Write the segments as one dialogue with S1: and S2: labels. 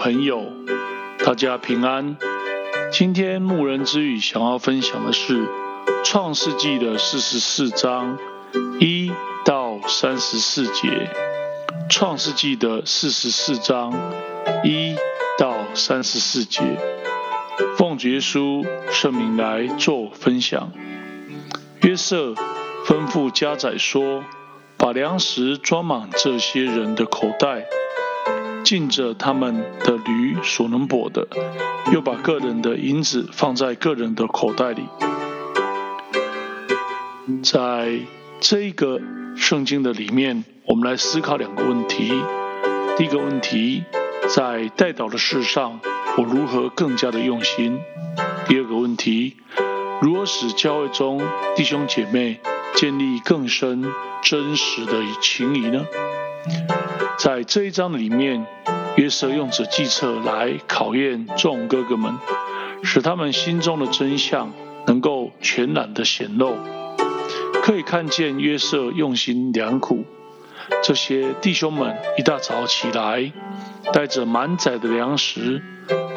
S1: 朋友，大家平安。今天牧人之語想要分享的是《創世紀》世的四十四章一到三十四節，《創世紀》的四十四章一到三十四節。奉主耶穌聖名來做分享。約瑟吩咐家宰說：“把糧食裝滿這些人的口袋。”盡着他們的驢所能馱的，又把各人的銀子放在各人的口袋裡。在這個聖經的裡面，我們來思考兩個問題：第一個問題，在代禱的事上，我如何更加的用心？第二個問題，如何使教會中弟兄姐妹建立更深、真實的情誼呢？在這一章裡面，約瑟用着計策來考驗眾哥哥們，使他們心中的真相能夠全然的顯露。可以看見約瑟用心良苦。這些弟兄們一大早起來，帶着滿載的糧食，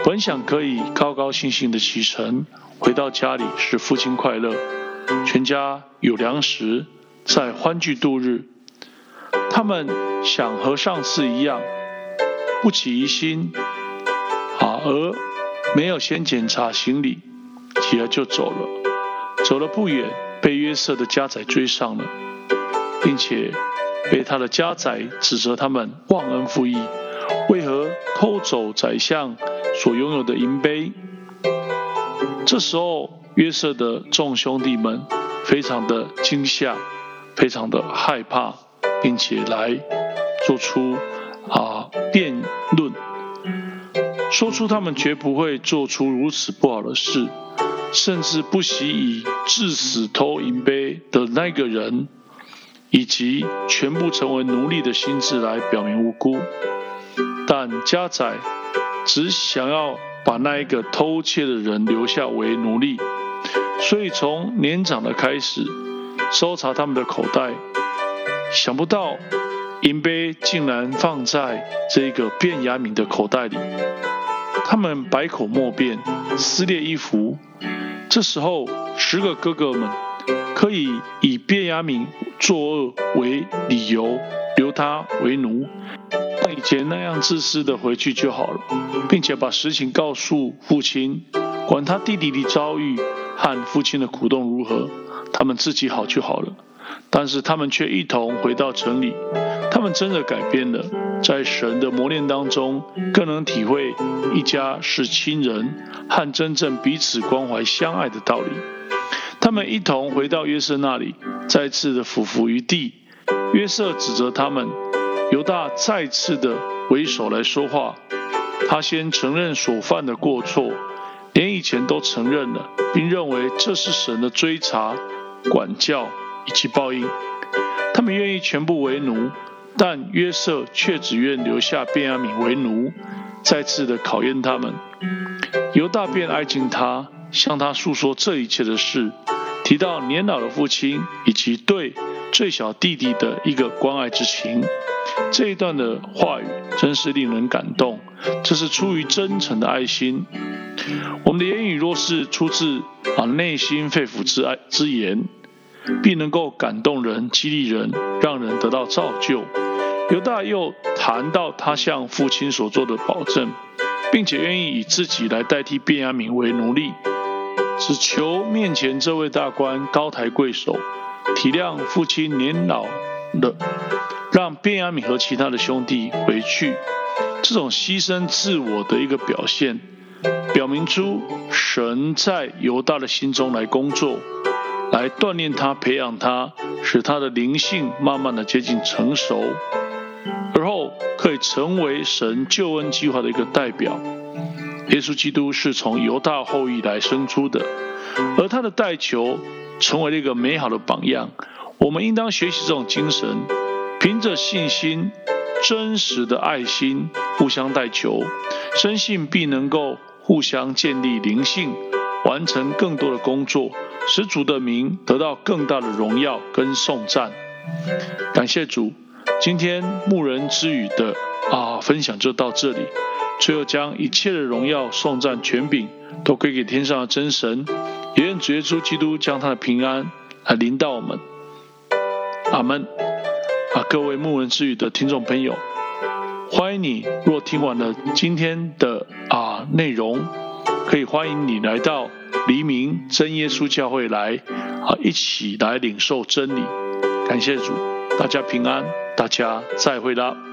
S1: 本想可以高高興興的啟程回到家裡，使父親快樂，全家有糧食在歡聚度日。他們。想和上次一樣不起疑心，啊，而沒有先檢查行李，起來就走了。走了不遠，被約瑟的家宰追上了，並且被他的家宰指責他們忘恩負義，為何偷走宰相所擁有的銀杯？這時候，約瑟的眾兄弟們非常的驚嚇，非常的害怕，並且來。做出啊，辯論，說出他們絕不會做出如此不好的事，甚至不惜以致死偷銀杯的那個人，以及全部成為奴隸的心智來表明無辜。但家宰只想要把那一個偷竊的人留下為奴隸，所以從年長的開始搜查他們的口袋，想不到。銀杯竟然放在這個便雅憫的口袋裡，他們百口莫辯，撕裂衣服。這時候，十個哥哥們可以以便雅憫作惡為理由，留他為奴，像以前那樣自私的回去就好了，並且把實情告訴父親，管他弟弟的遭遇和父親的苦痛如何，他們自己好就好了。但是他們卻一同回到城裡，他們真的改變了，在神的磨練當中，更能體會一家是親人和真正彼此關懷相愛的道理。他們一同回到約瑟那裡，再次的俯伏於地。約瑟指責他們，猶大再次的為首來說話。他先承認所犯的過錯，連以前都承認了，並認為這是神的追查、管教。以及報應，他們願意全部為奴，但約瑟卻只願留下便雅憫為奴，再次的考驗他們。猶大便挨近他，向他訴說這一切的事，提到年老的父親以及對最小弟弟的一個關愛之情。這一段的話語真是令人感動，這是出於真誠的愛心。我們的言語若是出自啊內心肺腑之愛之言，並能夠感動人、激勵人，讓人得到造就。猶大又談到他向父親所做的保證，並且願意以自己來代替便雅憫為奴隸，只求面前這位大官高抬貴手，體諒父親年老了，讓便雅憫和其他的兄弟回去。這種犧牲自我的一個表現，表明出神在猶大的心中來工作。來鍛煉他，培養他，使他的靈性慢慢地接近成熟，而後可以成為神救恩計劃的一個代表。耶穌基督是從猶大後裔來生出的，而他的代求成為了一個美好的榜樣。我們應當學習這種精神，憑着信心、真實的愛心互相代求，深信必能夠互相建立靈性。完成更多的工作，使主的名得到更大的榮耀跟頌讚。感謝主，今天牧人之語的啊分享就到這裡。最後將一切的榮耀頌讚權柄都歸給天上的真神，也願主耶穌基督將他的平安來臨到我們。阿門。啊，各位牧人之語的聽眾朋友，歡迎你。若聽完了今天的啊內容，可以歡迎你來到黎明真耶穌教會來啊，一起來領受真理。感謝主，大家平安，大家再會啦。